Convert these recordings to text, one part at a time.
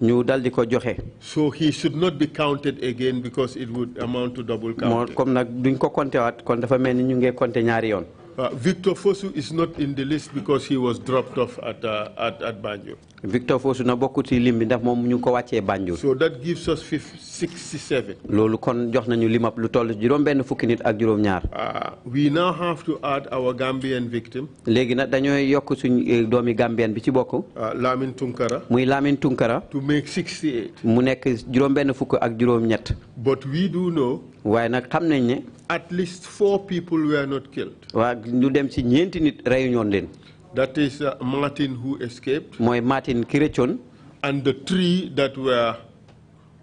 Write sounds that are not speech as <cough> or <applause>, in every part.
ñu dal di ko joxe. so he should not be counted again because it would amount to double counting. comme duñ ko kon dafa ñu ngi ñaari uh, Victor Fosu is not in the list because he was dropped off at, uh, at, at Banjul. Victor Fosu na bokku ci lim bi ndax mom ñu ko wacce Banjul. So that gives us 67. Lolu kon jox nañu limap lu tollu juroom benn fukki nit ak juroom ñaar. Uh, we now have to add our Gambian victim. Légui nak dañoy yok suñ eh, doomi Gambian bi ci bokku. Uh, Lamine Tunkara. Muy Lamine Tunkara. To make 68. Mu nekk juroom benn fukk ak juroom ñett. But we do know waaye nag xam nañ ne at least four people were not killed. waa ñu dem ci ñeenti nit reyu that is uh, Martin who escaped. mooy Martin ki and the three that were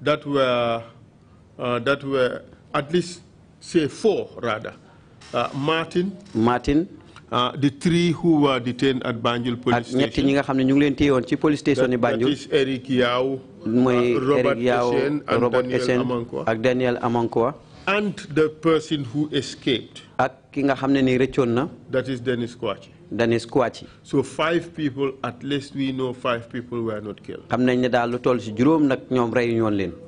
that were uh, that were at least say four rather. Uh, Martin. Martin. Uh, the three who were detained at Banjul police station. ñetti ñi nga xam ne ñu police station yi Banjul. that is Eric Yao. mooy uh, Eric Yao Robert Essène ak Daniel Amankwa and the person who escaped. That is Dennis Kwachi. Dennis Kwachi. So five people, at least we know five people were not killed. Xam nañ ne daal lu toll ci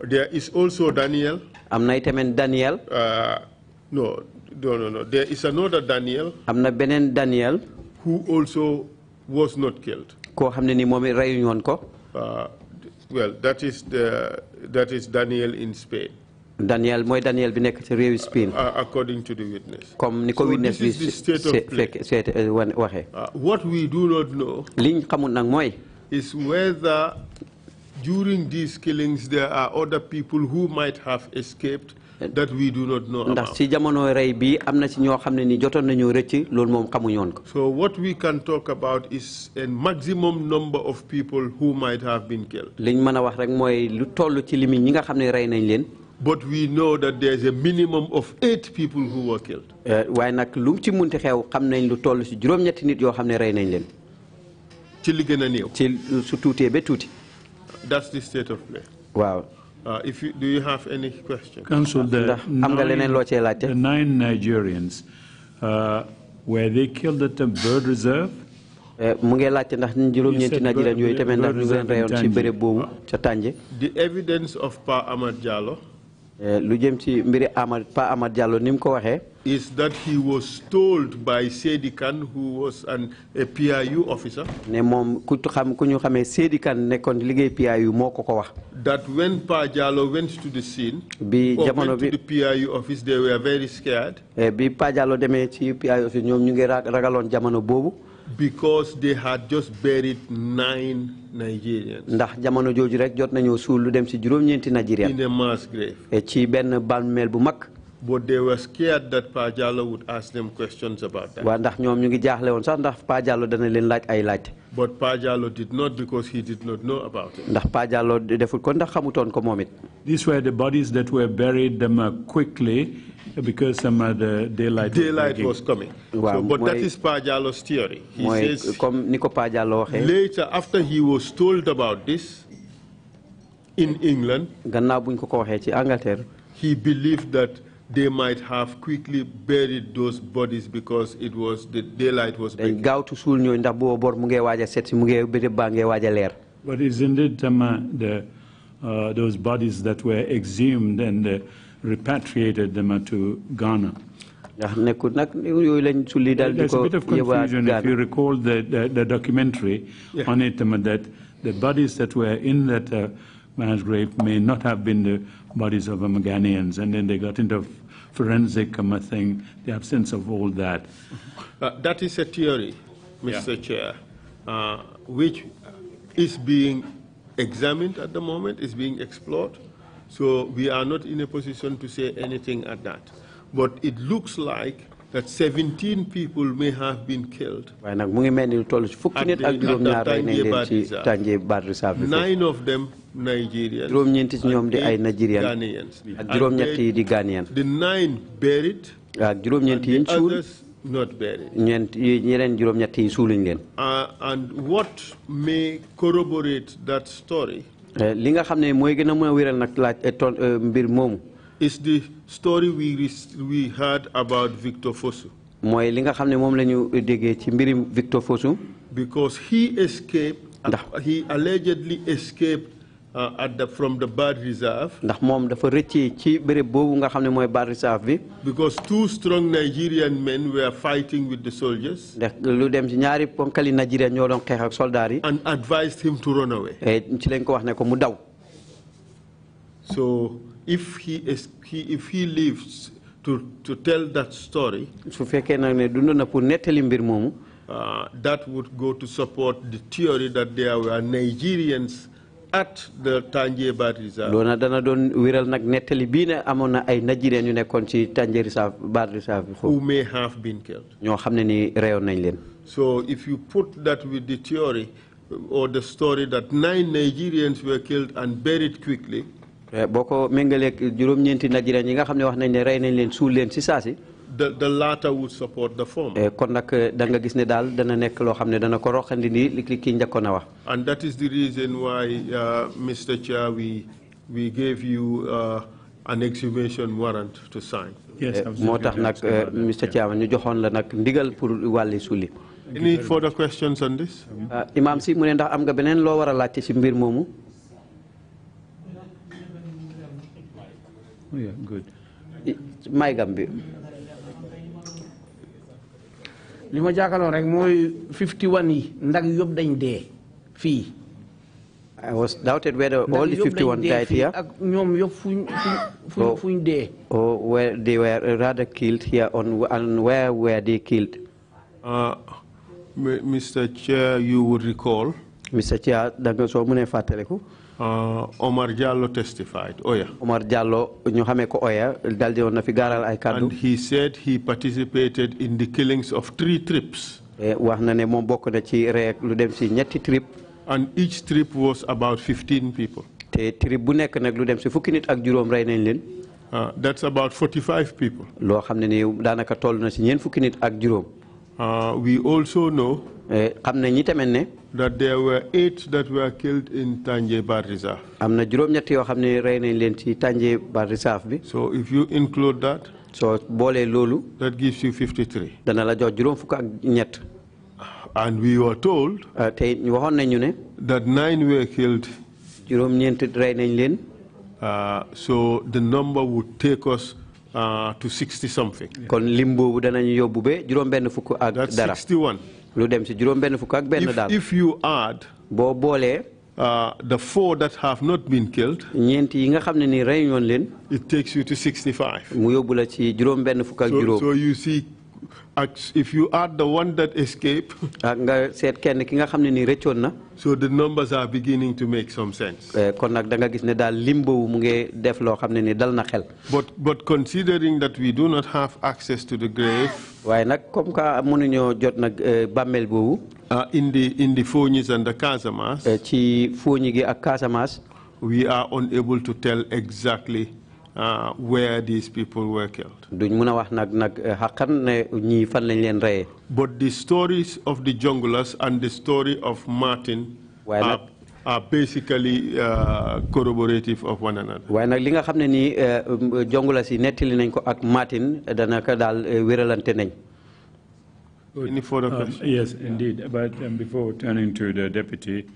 There is also Daniel. Am Daniel. Uh, no, no, no, no. There is another Daniel. Am benen Daniel. Who also was not killed. Koo uh, Well, that is the that is Daniel in Spain. Daniel mooy Daniel bi nekk ci réewi Spain. Uh, according to comme ni ko witness bi seet eh, waxee. Uh, what we do not liñ xamul nag mooy. is whether during these killings there are other people who might have escaped. ndax ci jamono rey bi am na ci ñoo xam ne ni jotoon nañoo rëcc loolu moom xamuñoon ko. so what we can talk about is a maximum number of people who might have been killed. liñ mën a wax rek mooy lu toll ci limi ñi nga xam ne rey nañ leen. but we know that there is a minimum of eight eh, waaye nag lu mu ci munti xew xam nañ lu toll si juróom-ñetti nit yoo xam ne rey nañ leen. ci li gën a néew. ci su tuutee ba tuuti. that's the state of play. waaw. Uh, if ndax am nga leneen loo cee laajte. the nine Nigerians uh, were they killed at the bird eh, mu ngi laajte ndax juróom-ñeenti Nigerian yooyu tamit ndax ñu ngi leen reyoon ci béréb boobu ca Tànje. the evidence of Euh, lu jëm ci mbiri Amad Pa Amad Diallo ni mu ko waxee. is that he was told by Seydi Kane who was an a PIU officer. ne moom ku xam ku ñu xamee Seydi kan nekkoon liggéey PIU moo ko ko wax. that when Pa Diallo went to the scene. bi jamono bi or went to the eh, bi Pa demee ci PIU office ñoom ñu ngi ragaloon jamono boobu. because they had just buried nine Nigerians. ndax jamono jooju rek jot nañoo suul lu dem ci juróom-ñeenti Nigerian. in eh, ci benn bàmmeel bu mag. But they were scared that Pajalo would ask them questions about that. Pajalo But Pajalo did not because he did not know about it. Pajalo These were the bodies that were buried them uh, quickly because some of the daylight, daylight was, was coming. So, but that is Pajalo's theory. He says Pajalo Later after he was told about this in England. He believed that they might have quickly buried those bodies because it was the daylight was breaking. But is indeed um, uh, the, uh, those bodies that were exhumed and uh, repatriated them uh, to Ghana. There's a bit of confusion if you recall the, the, the documentary yeah. on it um, that the bodies that were in that uh, man's grave may not have been the bodies of Ghanaians. And then they got into forensic thing, the absence of all that. Uh, that is a theory, Mr. Yeah. Chair, uh, which is being examined at the moment, is being explored. So we are not in a position to say anything at that. But it looks like that 17 people may have been killed. waaye nag mu ngi mel ni lu toll si fukki nit ak juróom-ñaar rey nañ leen ci Tanje Bad Reserve. nine of them Nigerians. juróom-ñeenti ñoom di ay Nigerian. ak juróom-ñett yi di Ghanaian. the nine buried. ak juróom-ñeent yi ñu suul. not buried. ñeent ñeneen juróom-ñett yi suuluñ leen. Uh, and what may corroborate that story. Eh, li nga xam ne mooy gën a mën a wéral nag laaj eh, eh, mbir moomu. is the story we, we heard about Victor Fosu. mooy li nga xam ne moom la ci mbirim Victor Fosu. because he escaped. Uh, he allegedly escaped uh, at the from the bad reserve. ndax moom dafa rëccee ci béréb boobu nga xam ne mooy reserve bi. because two strong Nigerian men were fighting with the soldiers. ndax lu dem ci ñaari ponkali Nigerian ñoo doon xeex ak soldats yi. and advised him to run away. Eh, ci lañ ko wax ne ko mu daw. so if he, is, he, if he lives to, to tell that story, su fekkee nag ne dund na pour nettali mbir moomu. Uh, that would go to support the theory that there were Nigerians at the Tanjeba Reserve. loolu nag dana doon wéral nag nettali bii ne amoon ay Nigerian yu nekkoon ci Tanjeba Reserve Bad Reserve. who may have been killed. ñoo xam ni reyoon nañ leen. so if you put that with the theory uh, or the story that nine Nigerians were killed and buried quickly. Eh, boo ko méngaleeg juróom-ñeenti Nigérian yi nga xam ne wax nañ ne rey nañ leen suul leen si saa the the latter would support the eh, kon nag eh, da nga gis ne daal dana nekk loo xam ne dana ko roxandi nii li kii njëkkoon a wax. and that is the reason why uh, Mr Chair we we gave you uh, an exhumation warrant to sign. yes moo tax nag Mr Chairman ñu joxoon la nag ndigal pour wàlli suuli. any si mu ne ndax am nga beneen loo war a laajte si mbir moomu. Oh, yeah, good. Maïga bi 51 I was doubted whether all the 51 died here or, or where they were rather killed here on, and where were they killed? Uh, Mr. Chair, you would recall. Mr. Chair, da nga soo mënee uh, Omar Diallo testified Oya. Oh, Omar Diallo ko Oya oh, daldi na ay and he said he participated in the killings of three trips. Eh, na ne na trip. and each trip was about fifteen people. te trip uh, that's about forty five people. loo ne uh, we also know. Eh, xam ñi tamit ne. that there were eight that were killed in Tanje Barisa. Reserve. am na juróom-ñett yoo xam ne rey nañ leen ci Tanje Bird bi. so if you include that. so boolee loolu. that gives you 53. dana la jox juróom fukk ak ñett. and we were told. Eh, tey waxoon nañu ne. that nine were killed. juróom-ñeent rey nañ leen. Uh, so the number would take us. Uh, to 60 something. kon lim boobu danañu yóbbu ba juróom-benn fukk ak dara. that's 61. lu dem si juróom benn fukk ak benn daal. if you add. boo boolee. Uh, the four that have not been killed. ñeent yi nga xam ne ni rey leen. it takes you to mu yóbbu la ci juróom benn fukk ak juróom. you see. if you add the one that escaped, so the numbers are beginning to make some sense. But, considering that we do not have access to the grave, eh, ah, in the in the Fonis and the Casamas, eh, we are unable to tell exactly uh, where these people were killed. Eh, but the stories of the junglers and the story of Martin are, are, basically uh, corroborative of one another. Eh, eh, Any further uh, questions? Um, yes, indeed. But um, before turning to the deputy,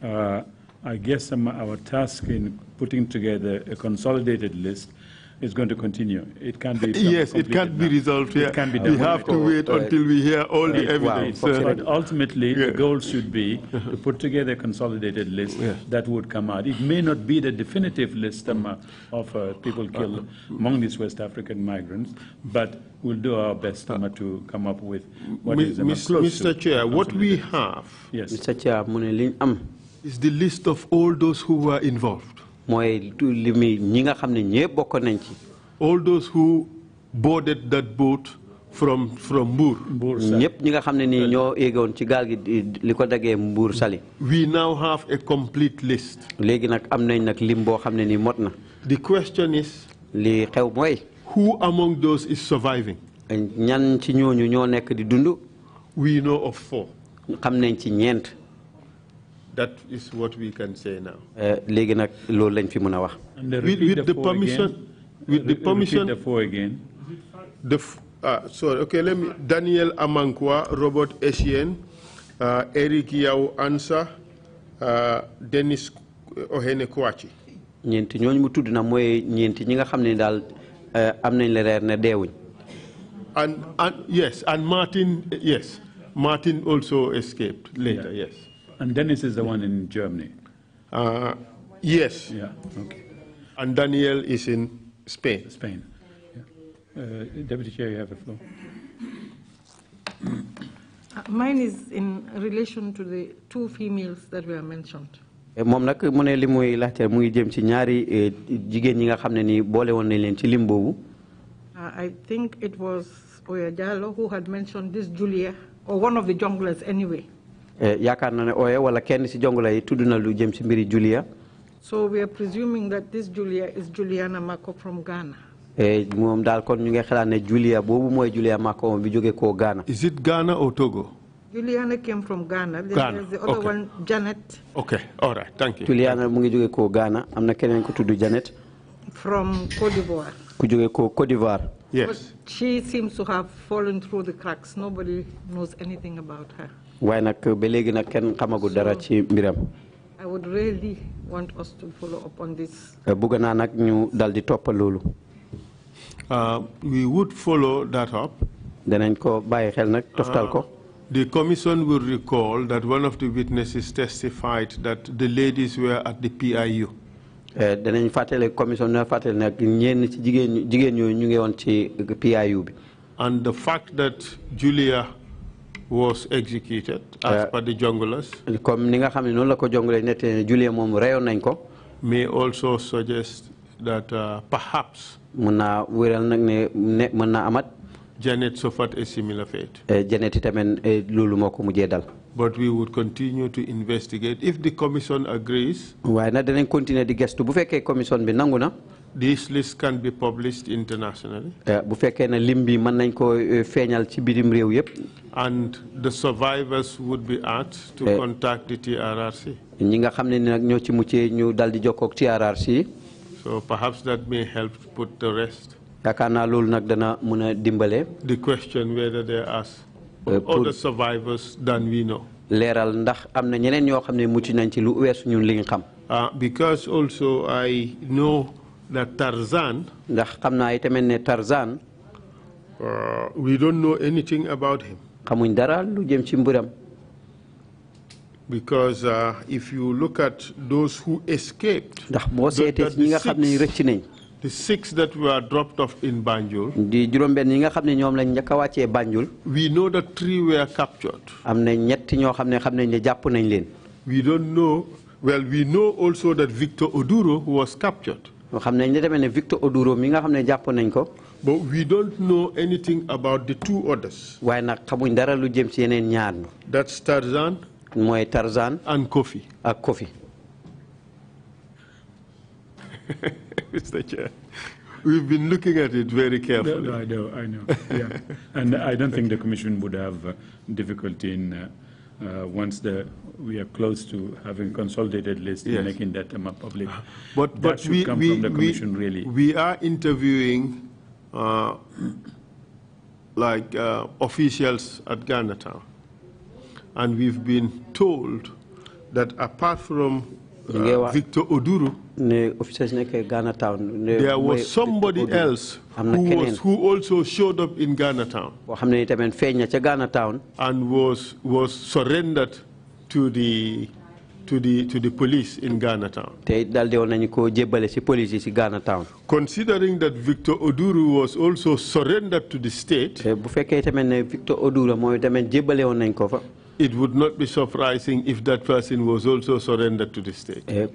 uh, I guess um, our task in putting together a consolidated list is going to continue. It can be <laughs> yes, it can't be resolved here. We have to wait until we hear all the evidence. Wow. Uh, but ultimately, yeah. the goal should be <laughs> to put together a consolidated list yeah. that would come out. It may not be the definitive list um, uh, of uh, people killed among these West African migrants, but we'll do our best um, uh, to come up with what is Miss, Mr. Chair, what we have yes. Mr. Chair, um, is the list of all those who were involved. mooy li muy ñi nga xam ne ñëpp bokk nañ ci. all those who boarded that boat from from Mbour. Mbour ñëpp ñi nga xam ne nii ñoo yéegoon ci gaal gi li ko daggee Mbour sali we now have a complete list. léegi nag am nañ nag lim boo xam ne nii mot na. the question is. li xew mooy. who among those is surviving. ñan ci ñooñu ñoo nekk di dund. we know xam nañ ci ñeent. That is what we can say now. Eh, léegi nag with the permission with the permission the four again. The ah, sorry okay let me Daniel Amankwa, Robert Essien, uh, ah, Eric Yao Ansa, uh, Dennis Ohene Kouachi. ñeenti ñooñu mu na mooy niente, ñi hamne dal amne daal eh, ne and and yes and Martin yes Martin also escaped later yes. And Dennis is the one in Germany? Uh, yes. Yeah, okay. And Daniel is in Spain. Spain. Yeah. Uh, Deputy Chair, you have the floor. Uh, mine is in relation to the two females that were mentioned. Eh, moom nag mu ne li muy mu jëm ci ñaari eh, jigéen ñi nga xam ni nañ leen ci uh, I think it was Oya Diallo who had mentioned this Julia or one of the junglers anyway. Eh, na ne wala kenn yi lu jëm mbiri Julia. so we are presuming that this Julia is Juliana Mako from Ghana. Eh, kon ñu ngi xalaat ne Julia Julia Mako bi jóge Ghana. is it Ghana or Togo. Juliana came from Ghana. Ghana. There's the other okay. one, Janet. Okay, all right, thank you. Juliana mu ngi jóge koo Ghana am na keneen ku Janet. From Côte d'Ivoire. ku jóge Côte d'Ivoire. Yes. But she seems to have fallen through the cracks. Nobody knows anything about her. waaye nag ba léegi nag kenn xamagul dara ci mbiram. I eh, naa nag ñu dal di topp loolu. Uh, we would follow that danañ ko bàyyi xel nag toftal uh, ko. The commission will recall that one of the witnesses testified that the ladies were at the PIU. Eh, danañ fàttale commission na fàttale nag ñenn ci jigéen jigéen ñooñu ñu ngi woon ci PIU bi. And the fact that Julia. was executed as euh, per the junglers. comme ni nga xam ne noonu la ko jongle nettali ne Julie moom reyoon nañ ko. may also suggest that uh, perhaps. mën naa wéral nag ne ne mën naa amat. Janet suffered a similar fate. Euh, Janet itamit euh, loolu moo ko mujjee dal. but we would continue to investigate if the commission agrees. waaye na danañ continuer di gëstu bu fekkee commission bi nangu na. This list can be published internationally. Eh, bu fekkee ne lim bi mën nañ ko eh, feeñal ci bitim réew yëpp. and the survivors would be asked to eh, contact the TRRC. ñi nga xam ne nag ñoo ci muccee ñu dal di jokkoo ak TRRC. so perhaps that may help put the rest. yaakaar naa loolu nag dana mën a dimbale. the question whether they ask. pour other survivors than we know. leeral ndax am na ñeneen ñoo xam ne mucc nañ ci lu weesu ñun li ñu xam. Uh, because also I know. that Tarzan. ndax Tarzan. Uh, we don't know anything about him. because uh, if you look at those who escaped, the, the, six, the, six, that were dropped off in Banjul, we know that three were captured. We don't know, well, we know also that Victor Oduro was captured. But we don't know anything about the two others. That's Tarzan. Tarzan. and Kofi. <laughs> Mr. Chair, we've been looking at it very carefully. No, no, I know, I know. Yeah. and I don't think the Commission would have uh, difficulty in. Uh, uh, once the, we are close to having consolidated list yes. and making that um, public. Uh, but, that but should we, come we, from the commission, we, really. We are interviewing uh, like uh, officials at Ghana Town, and we've been told that apart from Euh, Victor Oduro. There was somebody else who, was, who also showed up in Ghana Town and was, was surrendered to the to the to the police in Ghana Town. Considering that Victor Oduru was also surrendered to the state. it would not be surprising if that person was also surrendered to the state. Eh, eh,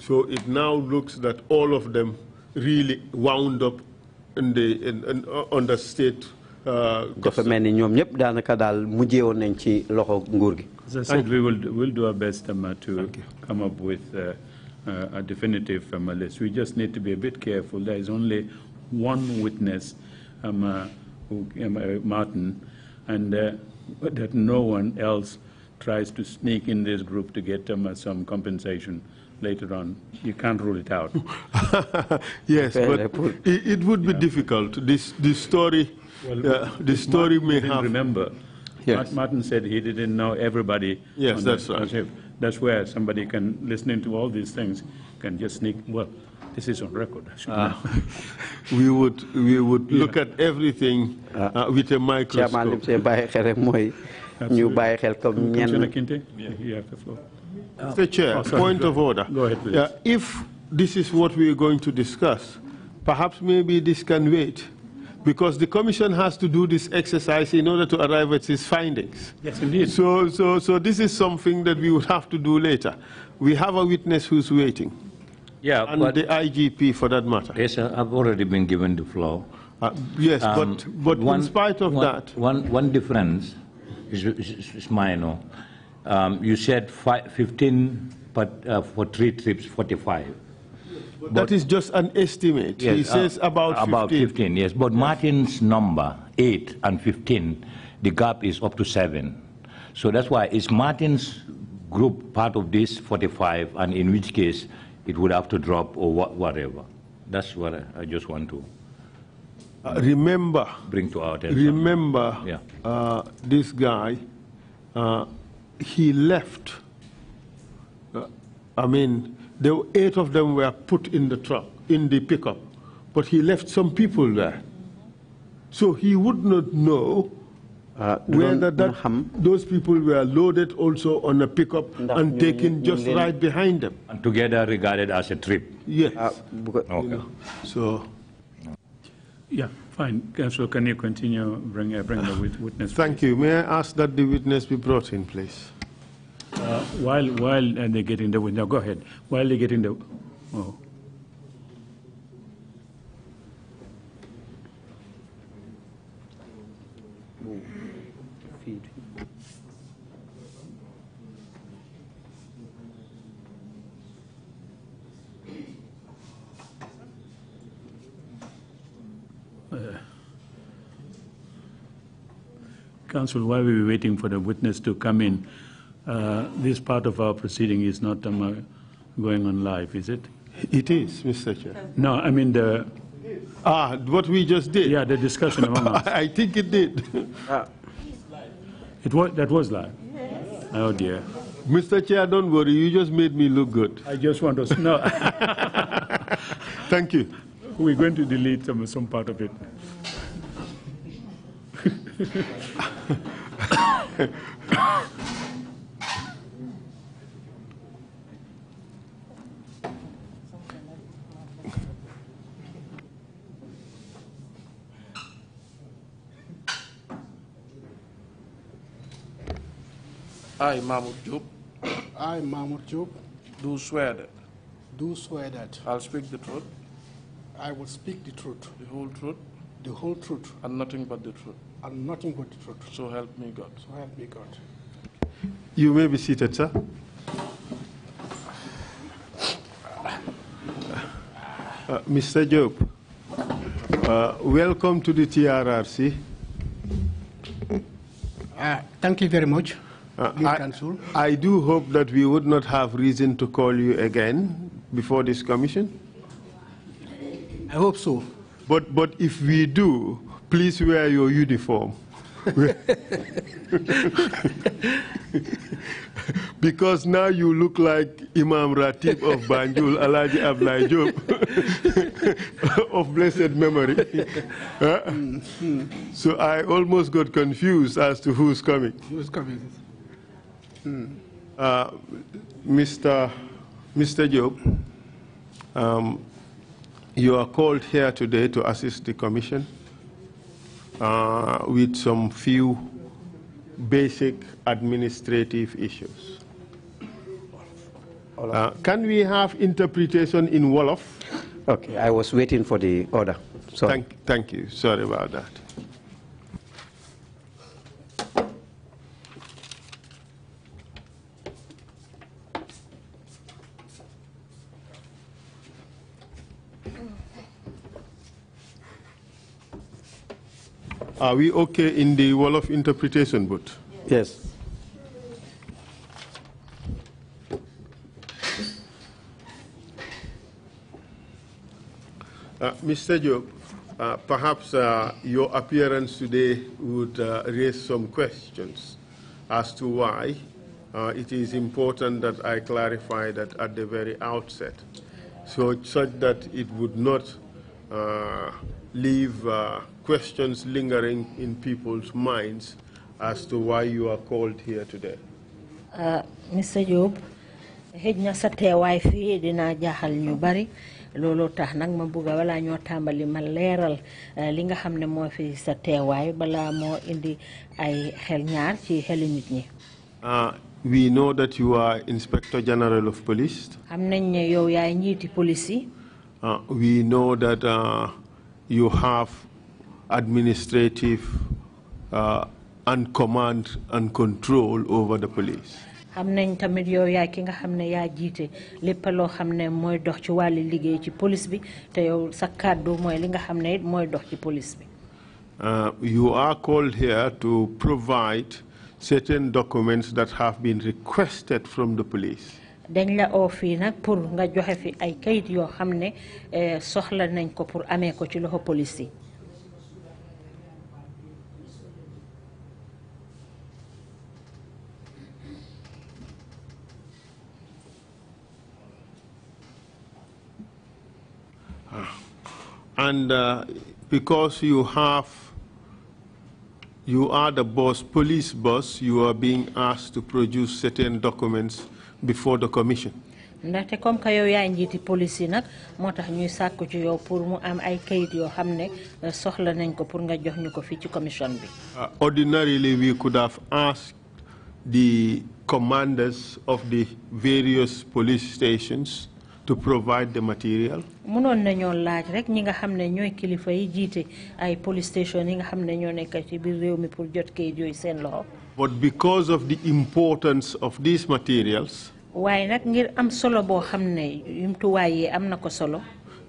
so it now looks that all of them really wound up in the in, in, uh, on the state. government. Uh, mel I said, we will we'll do our best to come up with uh, uh, a definitive um, list. We just need to be a bit careful. There is only one witness. Um, uh, uh, Martin, and uh, that no one else tries to sneak in this group to get them um, uh, some compensation later on. You can't rule it out. <laughs> yes, but it, it would be yeah. difficult. This, this story, well, uh, this story Martin may have. Remember, yes. Martin said he didn't know everybody. Yes, that's the, right. That's where somebody can, listening to all these things, can just sneak. Well, this is on record. Uh, <laughs> we would we would look at everything ah. uh, with a microscope. Mr. Kinte, you have the floor. Ah. Mr. Chair, oh, sorry, point of order. Go ahead, please. Uh, if this is what we are going to discuss, perhaps maybe this can wait because the commission has to do this exercise in order to arrive at its findings. Yes, indeed. So, so, so this is something that we would have to do later. We have a witness who's waiting. Yeah, and the IGP for that matter. Yes, I've already been given the floor. Uh, yes, um, but, but one, in spite of one, that. One, one difference is, is, is minor. Um, you said 15 but, uh, for three trips, 45. But that is just an estimate. Yes, he uh, says about 15. About 15, yes. But yes. Martin's number, 8 and 15, the gap is up to 7. So that's why it's Martin's group part of this 45, and in which case it would have to drop or whatever. That's what I just want to uh, remember. Bring to our attention. Remember, yeah. uh, this guy, uh, he left. Uh, I mean, there were eight of them were put in the truck, in the pickup, but he left some people there. So he would not know uh, when that, that, those people were loaded also on a pickup and taken just right behind them. And together regarded as a trip. Yes. Uh, because, okay. You know, so. Yeah, fine. Councillor, can you continue? Bring, uh, bring the <sighs> witness. Thank please. you. May I ask that the witness be brought in, please? Uh, while while uh, they get in the witness, go ahead. While they get in the. Oh. Counsel, are we waiting for the witness to come in, uh, this part of our proceeding is not um, uh, going on live, is it? It is, Mr. Chair. No, I mean the... Ah, what we just did. Yeah, the discussion among us. <laughs> I think it did. ah. It was, that was live? Yes. Oh, dear. Mr. Chair, don't worry. You just made me look good. I just want us. No. <laughs> Thank you. We're going to delete some, some part of it. I, Mahmoud Job. I, Mahmoud Job. Do swear that. Do swear that. I'll speak the truth. I will speak the truth. The whole truth. The whole truth. And nothing but the truth and nothing but the truth. So help me God. So help me God. You may be seated, sir. Uh, Mr. Job, uh, welcome to the TRRC. Uh, thank you very much, uh, I, I, do hope that we would not have reason to call you again before this commission. I hope so. But, but if we do, please wear your uniform. because now you look like Imam Ratib of Banjul, Alaji of Job, <laughs> of blessed memory. Huh? Mm -hmm. so I almost got confused as to who's coming. Who's coming? Mm. Uh, Mr. Mr. Job, um, you are called here today to assist the commission uh, with some few basic administrative issues. Uh, can we have interpretation in Wolof? Okay, I was waiting for the order. Sorry. Thank, thank you. Sorry about that. Are we okay in the wall of interpretation, but? Yes. Uh, Mr. Job, uh, perhaps uh, your appearance today would uh, raise some questions as to why uh, it is important that I clarify that at the very outset, so such that it would not uh, leave uh, questions lingering in people's minds as to why you are called here today? Uh, Mr. Job, xëj na sa teewaay fii dinaa jaaxal ñu bari looloo tax nag ma bugg a balaa tàmbali ma leeral li nga xam ne fi sa teewaay balaa mo indi ay xel ñaar ci xeli nit ñi. we know that you are inspector general of police. xam nañ ne yow yaay njiiti police uh, we know that uh, you have administrative uh, and command and control over the police. xam nañ tamit yow yaay ki nga xam ne yaa jiite lépp loo xam ne dox ci wàllu liggéey ci police bi te yow sa kàddu mooy li nga xam ne dox ci police bi. Uh, you are called here to provide certain documents that have been requested from the police dañ la pour nga joxe fi ay kayit eh, soxla nañ ko pour ko ci loxo police and uh, because you have you are the boss police boss you are being asked to produce certain documents before the commission. ndaxte comme que yow yaay njiiti police yi nag moo tax ñuy ci yow pour mu am ay kayit yoo xam ne euh, soxla nañ ko pour nga jox ñu ko fii ci commission bi. Uh, ordinarily we could have asked the commanders of the various police stations to provide the material. nañoo laaj rek ñi nga xam ne ñooy kilifa yi jiite ay police station yi nga xam ne ñoo nekk ci biir réew mi pour jot kayit yooyu seen loxo. but because of the importance of these materials. waaye nag ngir am solo boo xam ne yumtuwaay yi am na ko solo.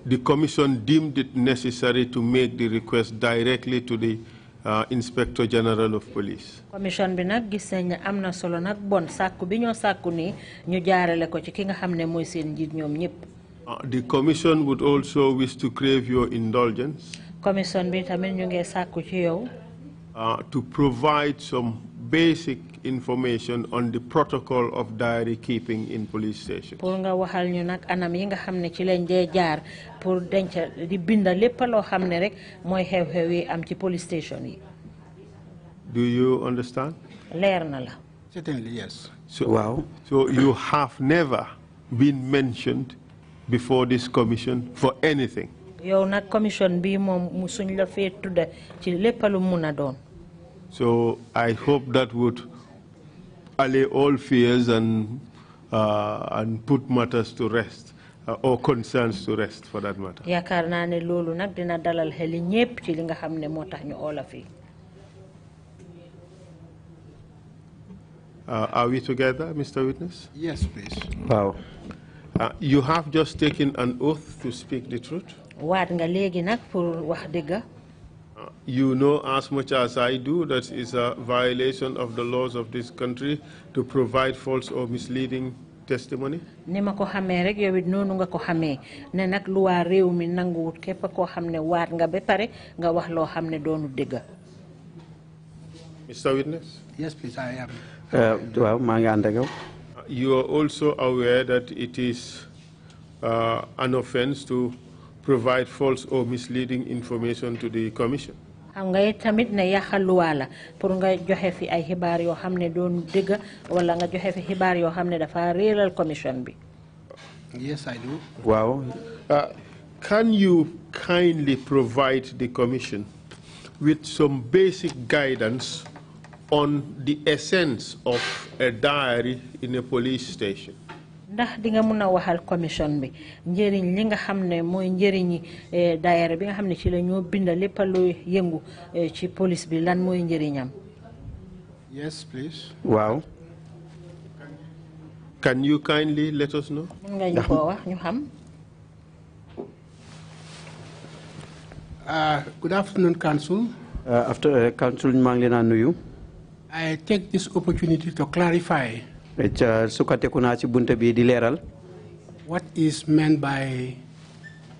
The Commission deemed it necessary to make the request directly to the uh, Inspector General of Police. Commission bi nag gis nañ ne am na solo nag bon sàkku bi ñoo sàkku nii ñu jaarale ko ci ki nga xam ne mooy seen njiit ñoom ñëpp. Uh, the Commission would also wish to crave your indulgence. Commission bi tamit ñu ngi sàkku ci yow. Uh, to provide some basic information on the protocol of diary keeping in police station. pour nga waxal ñu anam yi nga ci lañ jaar pour di binda lépp rek xew-xew yi am ci police station yi. do you understand. leer na la. certainly yes. so waaw. so you have never been mentioned before this commission for anything. yow commission bi suñ la ci doon. So I hope that would allay all fears and, uh, and put matters to rest. Uh, or concerns to rest for that matter. yaakaar naa ne loolu nag dina dalal xeli ñépp ci li nga xam ne tax ñu oola fii. Uh, are we together, Mr. Witness? Yes, please. Wow. Uh, you have just taken an oath to speak the truth. waat nga legi nag pour wax dëgga you know as much as I do that is a violation of the laws of this country to provide false or misleading testimony. ni ma ko xamee rek yow it noonu nga ko xamee ne nag lu waa réew mi nanguwut képp koo xam waat nga ba pare nga wax loo xam doonu dëgg. Mr. Witness. Yes, please, I am. Uh, waaw maa ngi ànd ak yow. You are also aware that it is uh, an offense to provide false or misleading information to the Commission. xam nga tamit ne yàqal luwaa la pour nga joxe fi ay xibaar yoo xam ne doon dëgg wala nga joxe fi xibaar yoo xam dafa réeral commission bi. yes I do. waaw. Uh, can you kindly provide the commission with some basic guidance on the essence of a diary in a police station? ndax di nga a waxal commission bi njëriñ li nga xam ne mooy njëriñi eh, bi nga xam ne ci la ñoo binda lépp yëngu eh, ci police bi lan mooy njëriñam. yes please. waaw. can you kindly let us know. nga ñu koo wax ñu xam. Uh, good afternoon council. Uh, after uh, council maa ngi leen a nuyu. I take this opportunity to clarify. Uh, what is meant by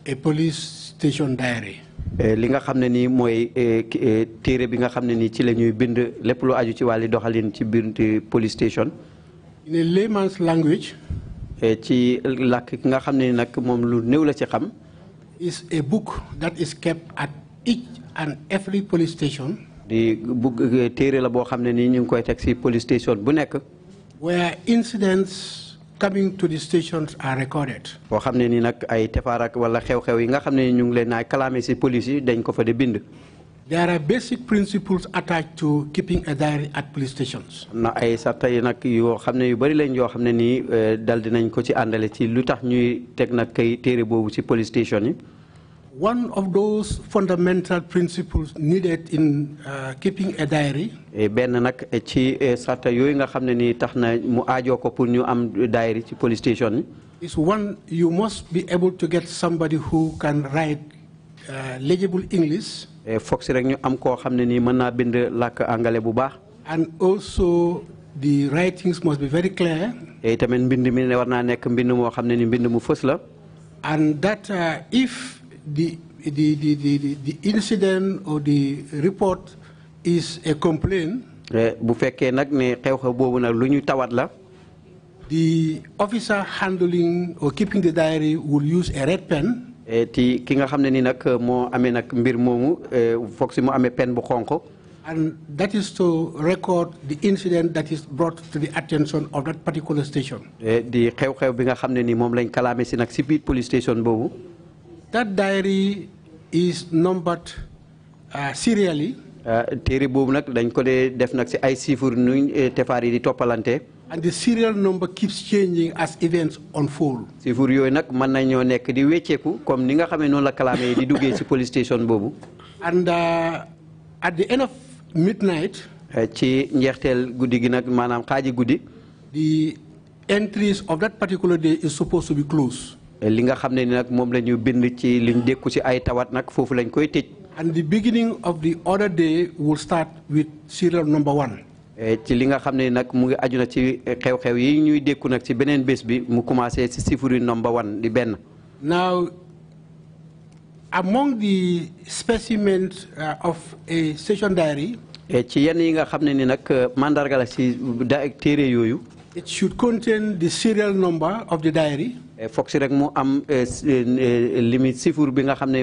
a police station diary. Eh, Linga nga ni ne tere mooy eh, eh, téere bi nga xam ne nii ci la ñuy bind lépp lu aju ci wàlli doxalin ci biir police station. in a layman's language. ci làkk ki nga xam ne ni nag moom lu néew la ci xam. is a book that is kept at each and every police station. di book tere la boo xam ne nii ñu koy teg si police station bu nekk where incidents coming to the stations are recorded. boo xam ne ni nag ay tefaarak wala xew-xew yi nga xam ne ñu ngi leen ay clamé si police yi dañ ko fa di bind. There are basic principles attached to keeping a diary at police stations. na ay sarta yi nag yoo xam ne yu bari lañ yoo xam ne nii eh, dal dinañ ko ci àndale ci lu ñuy teg nag kay téere boobu ci police station yi. One of those fundamental principles needed in uh, keeping a diary. Eh, benn nag eh, ci eh, sarta yooyu nga xam ni tax mu aajoo pour ñu am diary ci police station is one you must be able to get somebody who can write uh, legible English. foog si rek ñu am koo xam ne nii mën bind làkk angale bu baax. and also the writings must be very clear. E tamit mbind mi ne war naa nekk mbind moo ni mbind mu fës la. and that uh, if the, the, the, the, the incident or the report is a complaint. Eh, the officer handling or keeping the diary will use a red pen. Eh, ti eh, pen and that is to record the incident that is brought to the attention of that particular station. di si police station that diary is numbered uh, serially. Uh, téere boobu nag dañ ko dee def nag si ay chiffres nuñ eh, tefaar yi di toppalante. and the serial number keeps changing as events unfold. chiffres yooyu nag mën nañoo nekk di wecceeku comme ni nga xamee noonu la kalaame yi di duggee si police station boobu. and uh, at the end of midnight. ci njeexteel guddi gi nag maanaam xaaji guddi. the entries of that particular day is supposed to be closed. li nga xam ne ni nag moom lañu ñu bind ci liñ dékku ci ay tawat nag foofu lañ koy tëj. and the beginning of the other day will start with serial number one. Eh, ci li nga xam ne nag mu ngi aju na ci xew-xew yi ñuy dékku nag ci beneen bés bi mu commencé ci sifuri number one di benn. now among the specimens uh, of a session diary. Eh, ci yenn yi nga xam ne ni nag uh, mandarga la ci téere yooyu. It should contain the serial number of the diary. Eh, foog si rek mu am eh, eh, limite chiffre bi nga xam ne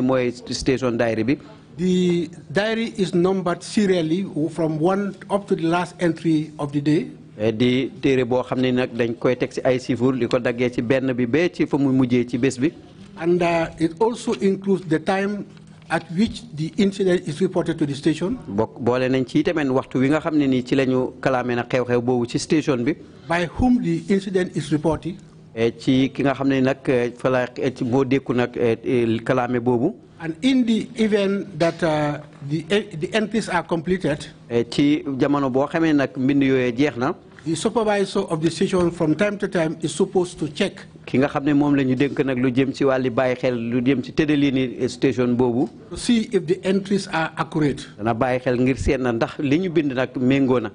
station diary bi. The diary is numbered serially from one up to the last entry of the day. di téere boo xam nak nag dañ koy teg si ay chiffre li ko ci benn bi ba ci fa mu mujjee ci bés bi. And uh, it also includes the time at which the incident is reported to the station. By whom the incident is reported. And in the event that uh, the, eh, the entries are completed, eh, the supervisor of the station from time to time is supposed to check. ki nga xam ne moom la ñu dénk nag lu jëm ci wàlli bàyyi xel lu jëm ci tëddaliini station bobu. to see if the entries are accurate. dana bàyyi xel ngir seet na ndax li ñu bind nag méngoo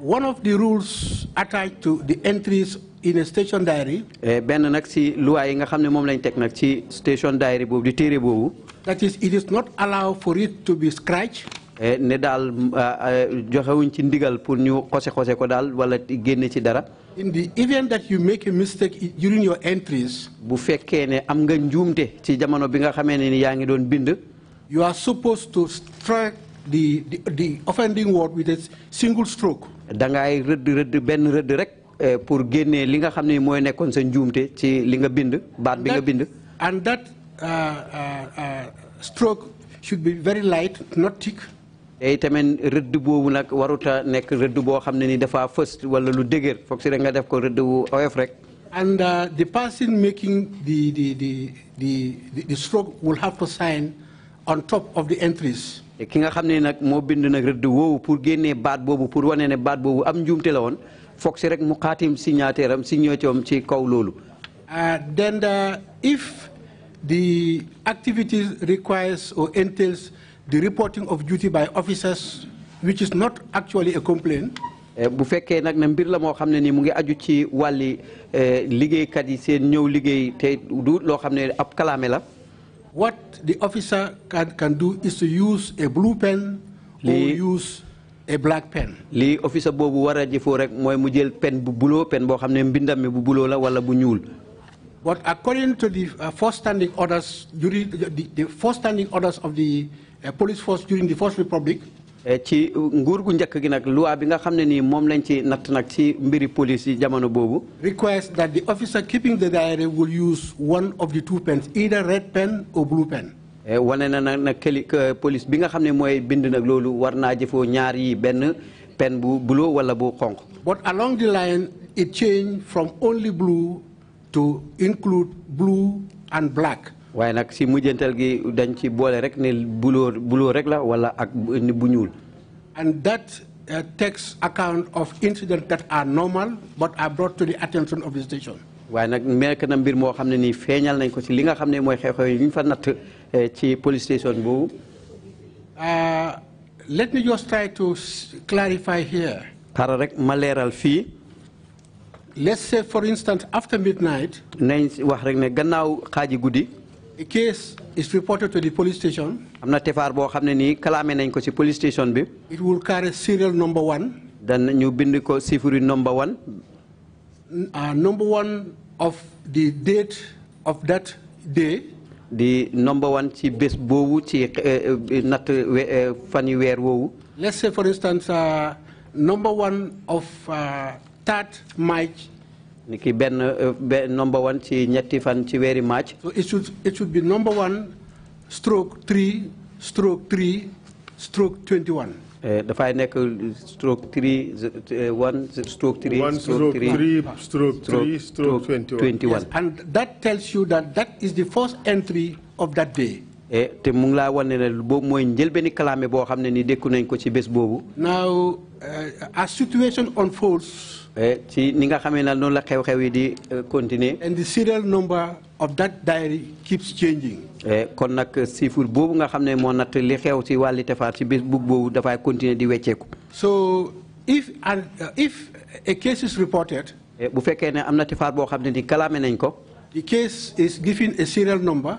one of the rules attached to the entries in a station diary. Eh, ben nag ci loi yi nga xam ne moom lañ teg nag ci station diary bobu di téere boobu. that is it is not allowed for it to be scratched. Eh, ah, ah, in the event that you make a mistake during your entries. bu ne ni you are supposed to strike the the offending word with a single stroke. Eh, pour and that ah, stroke should be very light, not thick. tey tamit rëdd boobu nag waruta nekk rëdd boo xam ne ni dafa fës wala lu dëgër foog si rek nga def ko rëdd wu oyof rek. and uh, the person making the, the, the, the, the stroke will have to sign on top of the entries. ki nga xam ne nag moo bind nag rëdd woowu pour génnee baat boobu pour wane ne baat boobu am njuumte la woon foog si rek mu xaatim signatéeram signatéeram si kaw loolu. Uh, then the, uh, if the activities requires or entails the reporting of duty by officers, which is not actually a complaint. Eh, bu fekkee nak ne mbir la moo xam ni mu ngi aju ci wàlli eh, liggéeykat yi seen ñëw liggéey te du loo xam ne ab la. what the officer can can do is to use a blue pen. or use a black pen. Li officer bobu war a jëfoo rek mooy mu jël pen bu buloo pen boo xam ne mbindam mi bu buloo la wala bu ñuul. But according to the uh, first standing orders, during the, the first standing orders of the uh, police force during the First Republic, eh, ci uh, nguur gu njëkk gi nag loi bi nga xam ne nii lañ ci natt nag ci mbiri police yi jamono boobu. request that the officer keeping the diary will use one of the two pens either red pen or blue pen. Eh, wane na nag këli police bi nga xam ne mooy bind nag loolu war naa jëfoo ñaar yi benn pen bu bulo wala bu xonq. but along the line it changed from only blue to include blue and black. waaye nag si mujjantal gi dañ ci boole rek ne buloo buloo rek la wala ak bu ñuul. and that uh, takes account of incidents that are normal but are brought to the attention of the station. waaye nag nekk na mbir moo xam ne nii feeñal nañ ko si li nga xam ne mooy xew-xew yi ñu fa natt uh, ci police station boobu. Uh, let me just try to clarify here. xaaral rek ma leeral fii let's say for instance after midnight. ne a case is reported to the police station. am na tefaar boo xam ne nii police station bi. it will carry serial number one. dana ko sifuri number one. Uh, number one of the date of that day. The number one ci bés eh, eh, eh, let's say for instance uh, number one of. Uh, third March. Niki ben, eh, number one ci ñetti fan ci very much. So it should it should be number one stroke three stroke three stroke twenty one. Eh, dafay nekk stroke 3 eh, 1 stroke 3 1 stroke 3 stroke 3 stroke 21. and that tells you that that is the first entry of that day. te mu ngi laa wan ne ne boobu mooy njëlbeeni kalaame boo xam ne ni dékku nañ ko now as situation unfolds. Eh, eh, and the serial number of that diary keeps changing. Eh, so if an uh, if a case is reported. the case is given a serial number.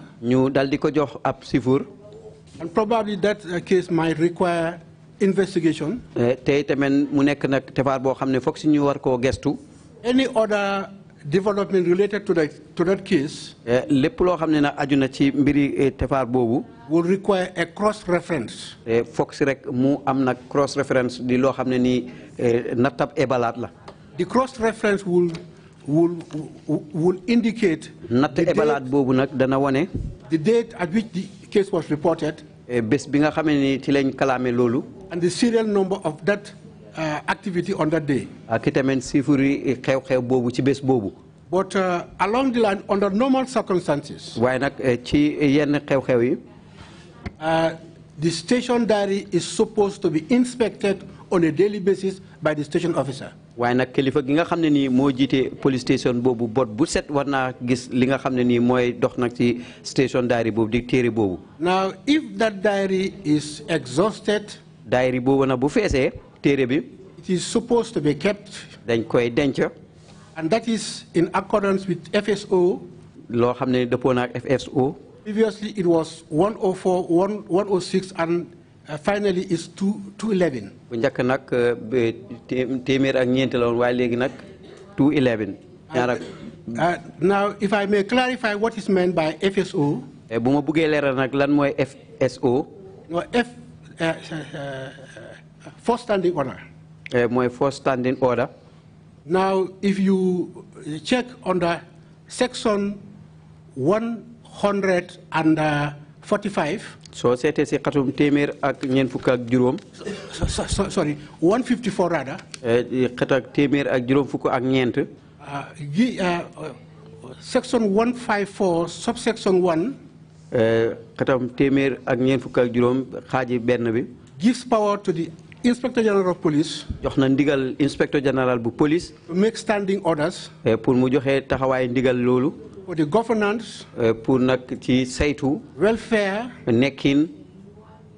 and probably that uh, case might require investigation. Eh, tey tamit mu nekk nag tefaar boo xam ne foog si ñu war koo gestu. any other development related to that to that case. Eh, lépp loo xam ne nag aju na ci mbiri eh, tefaar boobu. will require a cross reference. Fox si rek mu am nag cross reference di loo xam ne nii nattab ebalaat la. the cross reference will will will indicate. natt ebalaat boobu nag dana wane. the date at which the case was reported. Eh, bi nga ni ci lañ and the serial number of that uh, activity on that day. ak eh, xew-xew ci bés but uh, along the line under normal circumstances. Eh, ci yenn xew-xew yi. Uh, the station diary is supposed to be inspected on a daily basis by the station officer kilifa gi nga police station bot bu set gis li nga dox ci station diary di now if that diary is exhausted. diary boobu nag bu feesee téere bi. it is supposed to be kept. dañ koy denc. and that is in accordance with FSO. loo xam ne dëppoo FSO. previously it was 104 106 and. Uh, finally is 2 211 bu uh, 211 uh, now if i may clarify what is meant by fso eh, bu fso f first standing order eh, mooy first standing order now if you check under section 100 under 45. soo seetee si xatum téeméer ak ñeent fukk ak juróom. sorry 154 rather. Eh, xet ak téeméer ak juróom fukk ak ñeent. ji uh, uh, uh, section 154 subsection 1. Eh, xetam téeméer ak ñeent fukk juróom xaaji benn bi. gives power to the inspector general jox na ndigal inspector général bu police. to make standing eh, pour mu joxe taxawaay ndigal loolu. pour the euh, pour nag ci saytu. welfare. nekkin.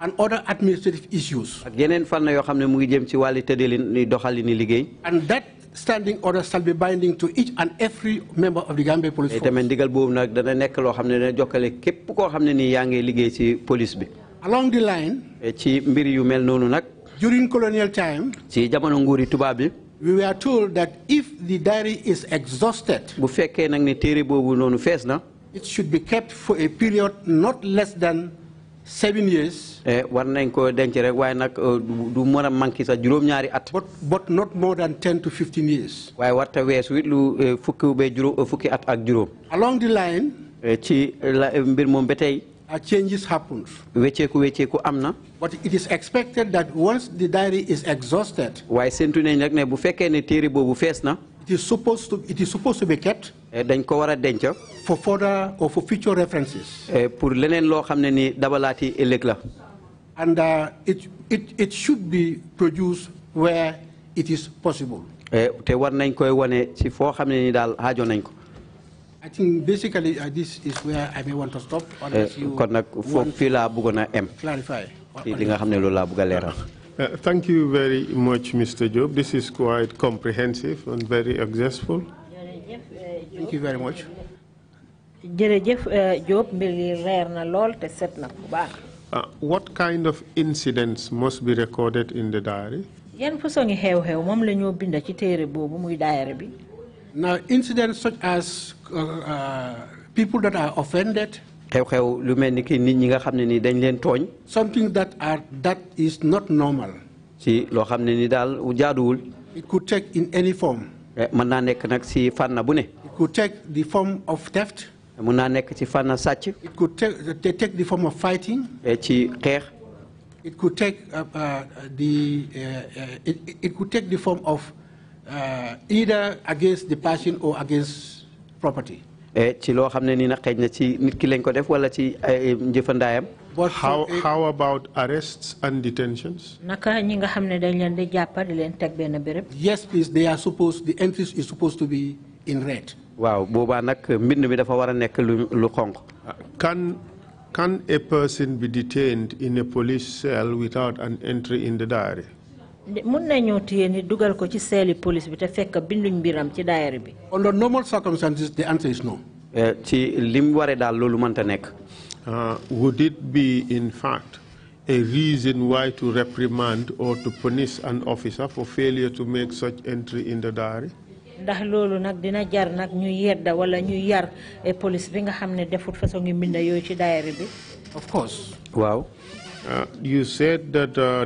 and other administrative issues. ak yeneen fànn yoo xam ne mu ngi jëm ci wàllu tëddalin ni doxalin ni liggéey. and that standing order shall be binding to each and every member of the Gambia Police Force. tamit ndigal boobu nag dana nekk loo xam ne dana jokkale képp koo xam ne nii yaa ngi liggéey ci police bi. along the ci mbir yu mel noonu nag. during colonial time. ci jamono nguuri tubaab bi. we were told that if the diary is exhausted, it should be kept for a period not less than seven years. Eh, eh, but but not more than ten to fifteen years. Eh, along the line a changes happen. but it is expected that once the diary is exhausted. séntu ne it is supposed to it is supposed to be kept. Eh, dañ ko a for further or for future references. Eh, pour leneen ni and uh, it it it should be produced where it is possible. Eh, te ni I think basically uh, this is where I may want to stop. Eh, unless you am. Uh, thank you very much Mr. Job. This is quite comprehensive and very accessible. Thank you very much. jërëjëf uh, uh, what kind of incidents must be recorded in the diary. Now, incidents such as uh, uh, people that are offended. something that are that is not normal. it could take in any form. Eh, it could take the form of theft. it could take uh, take the form of fighting. Eh, it could take uh, uh, the it could take the form of uh, either against the person or against property. Eh, eh, how how about arrests and detentions. naka yes please they are supposed the entry is supposed to be in red. Wow. can can a person be detained in a police cell without an entry in the diary. mun nañoo téye ni dugal ko ci seeli police bi te fekk binduñ mbiram ci daayira bi. under normal circumstances the answer is no. Eh, ci lim waree daal loolu mënta nekk. Uh, would it be in fact a reason why to reprimand or to punish an officer for failure to make such entry in the diary. ndax loolu nag dina jar nag ñu yedda wala ñu yar e police bi nga xam ne defut façon ngi mbind yooyu ci daayira bi. of waaw. Uh, you said that uh,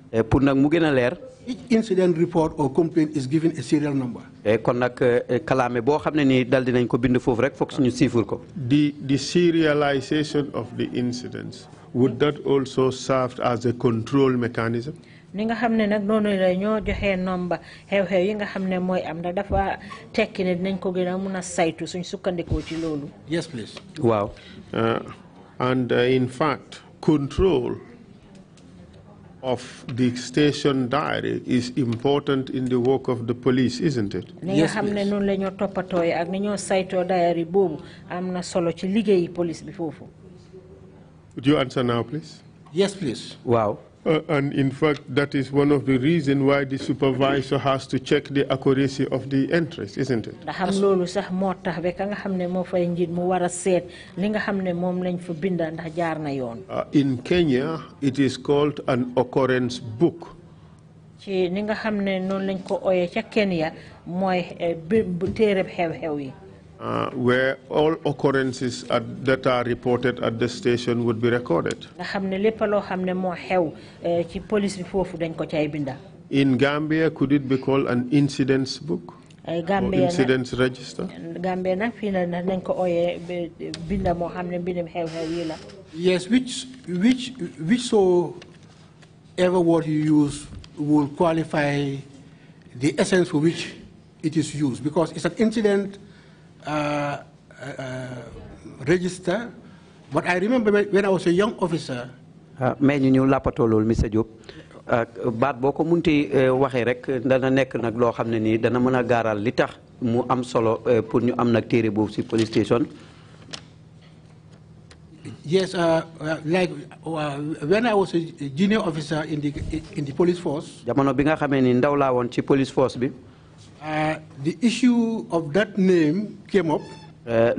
Eh, pour nag mu gën a leer. each incident report or complaint is given a serial number. Eh, kon nag eh, kalaame boo xam ne nii dal dinañ ko bind foofu rek foog suñu siifur ko. the the serialization of the incidents. would that also serve as a control mechanism. ni nga xam ne nag noonu la ñoo joxee nomba xew-xew yi nga xam ne mooy am na dafa tekki ne dinañ ko gën a mun a saytu suñ sukkandikoo ci loolu. yes please. waaw. Uh, and uh, in fact control. of the station diary is important in the work of the police, isn't it? Yes, please. Would you answer now, please? Yes, please. Wow. Uh, and in fact, that is one of the reasons why the supervisor has to check the accuracy of the entries, isn't it? sax ka nga fay mu li nga lañ fa binda ndax jaar na yoon. Uh, in Kenya it is called an occurrence book. ci ni nga lañ ko ca Kenya xew eh, xew-xew yi. Uh, where all occurrences at, that are reported at the station would be recorded. Eh, In Gambia, could it be called an incidents book? Eh, Gambia incidents register? Yes, which which which so ever word you use will qualify the essence for which it is used because it's an incident uh, uh, uh, register. But I remember when I was a young officer. Ah, mais ñu ñu làppatoo loolu monsieur Diop ah, baat boo munti eh, waxee dana nek nag loo xam dana mën a gaaral mu am solo eh, pour ñu am nag téere police station. Yes, uh, uh, like uh, when I was a junior officer in the in the police force. jamono bi nga xamee ni ndaw laa police force bi. Uh, the issue of that name came up. Uh,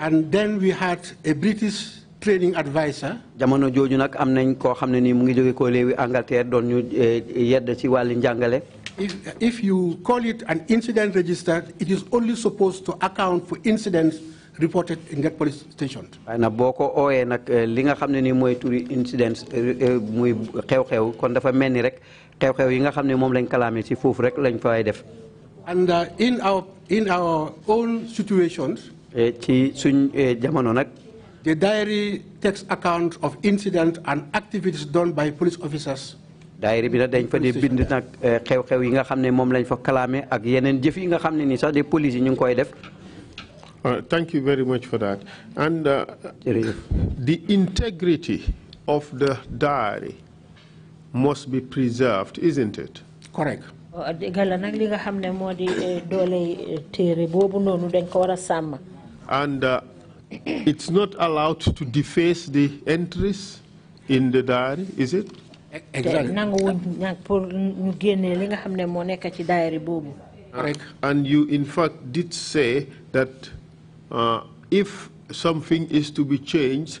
and then we had a British training advisor. Eh, if, if you call it an incident register, it is only supposed to account for incidents reported in that police station. waaye nag boo ko ooyee nag eh, li nga incidents eh, rek. xew-xew yi nga xam ne moom lañ kalaamee si foofu rek lañ fay def. and uh, in our in our own situations. Eh, ci suñ eh, jamono nag. the diary takes account of incidents and activities done by police officers. daayira bi nag dañ fa di bind nag eh, xew-xew yi nga xam ne moom lañ fa kalaame ak yeneen jëf yi nga xam ne nii sax de police yi ñu ngi koy def. Uh, thank you very much for that and uh, the must be preserved, isn't it? Correct. Eh, eh, and uh, it's not allowed to deface the entries in the diary, is it? Exactly. and you, in fact, did say that uh, if something is to be changed,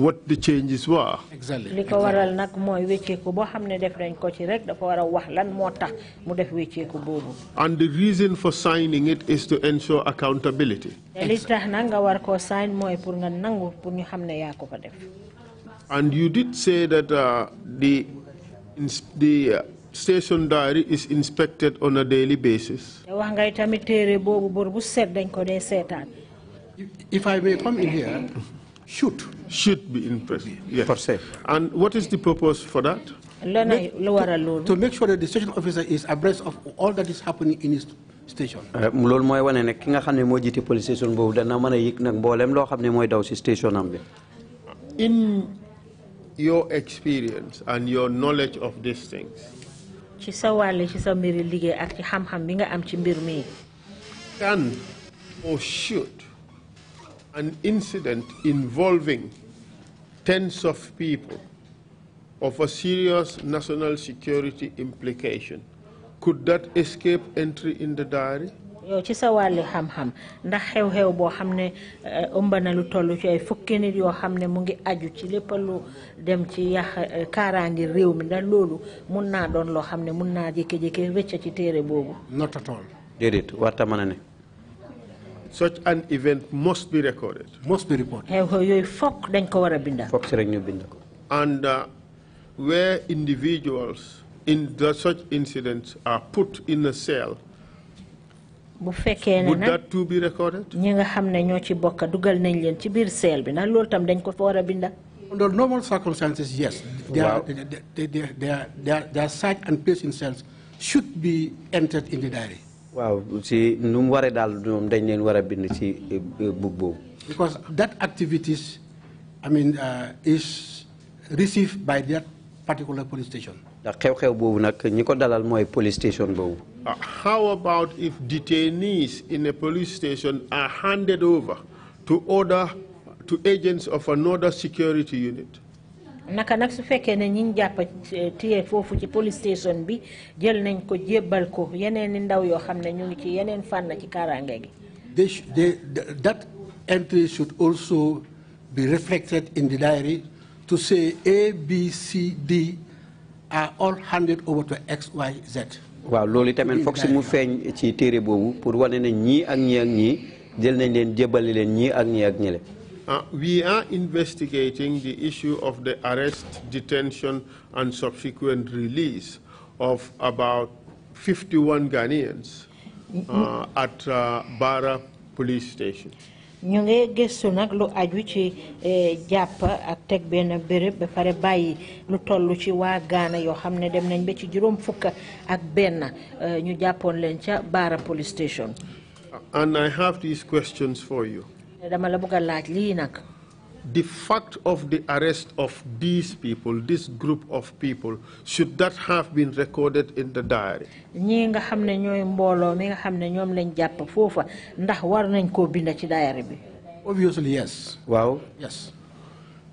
what the changes were. Exactly. waral def nañ ko ci rek dafa wax lan mu def and the reason for signing it is to ensure accountability. li tax nga war sign pour nga nangu pour ñu ko fa def. and you did say that uh, the the uh, station diary is inspected on a daily basis. wax bor bu set dañ ko if I may come in here should should be in prison yes. per se. And what is the purpose for that? Make, to, to, make sure that the station officer is abreast of all that is happening in his station. Eh, loolu mooy wane ne ki nga xam ne moo police station boobu dana mën a yëg nag mboolem loo xam ne mooy daw si station am bi. In your experience and your knowledge of these things. ci sa wàll ci sa mbiri liggéey ak ci xam-xam bi nga am ci mbir mi. can or should an incident involving tens of people of a serious national security implication could that escape entry in the diary yow eh, ci sa wàlli xam-xam ndax xew-xew boo xam ne eh, ëmb na lu toll ci ay fukki nit yoo xam ne mu ngi aju ci lépp lu dem ci yàq eh, kaaraangi réew mi ndax loolu mun naa doon loo xam ne mun naa jékki-jékki rëcc ci téere boobu. not at all. déedéet warta mën a ne such an event must be recorded. Must be reported. Eh, and uh, where individuals in the, such incidents are put in a cell, would that ne be recorded? under normal circumstances yes. they are they are they are they are such and place in cells should be entered in the diary waaw si nu mu waree daal ñoom dañ leen war a because that activities I mean uh, is received by that particular police station. ndax xew-xew boobu nag ñi ko dalal mooy police station boobu. Uh, how about if detainees in a police station are handed over to order to agents of another security unit naka su ne jàpp eh, ci police station bi jël nañ ko ko yeneen ndaw ñu ngi ci yeneen ci gi. that entry should also be reflected in the diary to say A B C D are all handed over to X Y Z. waaw loolu tamit foog si mu feeñ ci téere boobu pour wane ne ñii ak ñii ak ñii jël nañ leen jébbali leen ñii ak ñii ak ñi le uh, we are investigating the issue of the arrest, detention, and subsequent release of about 51 Ghanaians uh, at uh, Bara police station. ñu ngi gëstu nag lu aju ci eh, jàpp ak teg benn béréb ba pare bàyyi lu toll ci waa Gaana yoo xam dem nañ ba ci juróom fukk ak benn eh, ñu jàppoon leen ca Bara police station. And I have these questions for you. The fact of the arrest of these people, this group of people, should that have been recorded in the diary? Obviously, yes. Wow. Yes.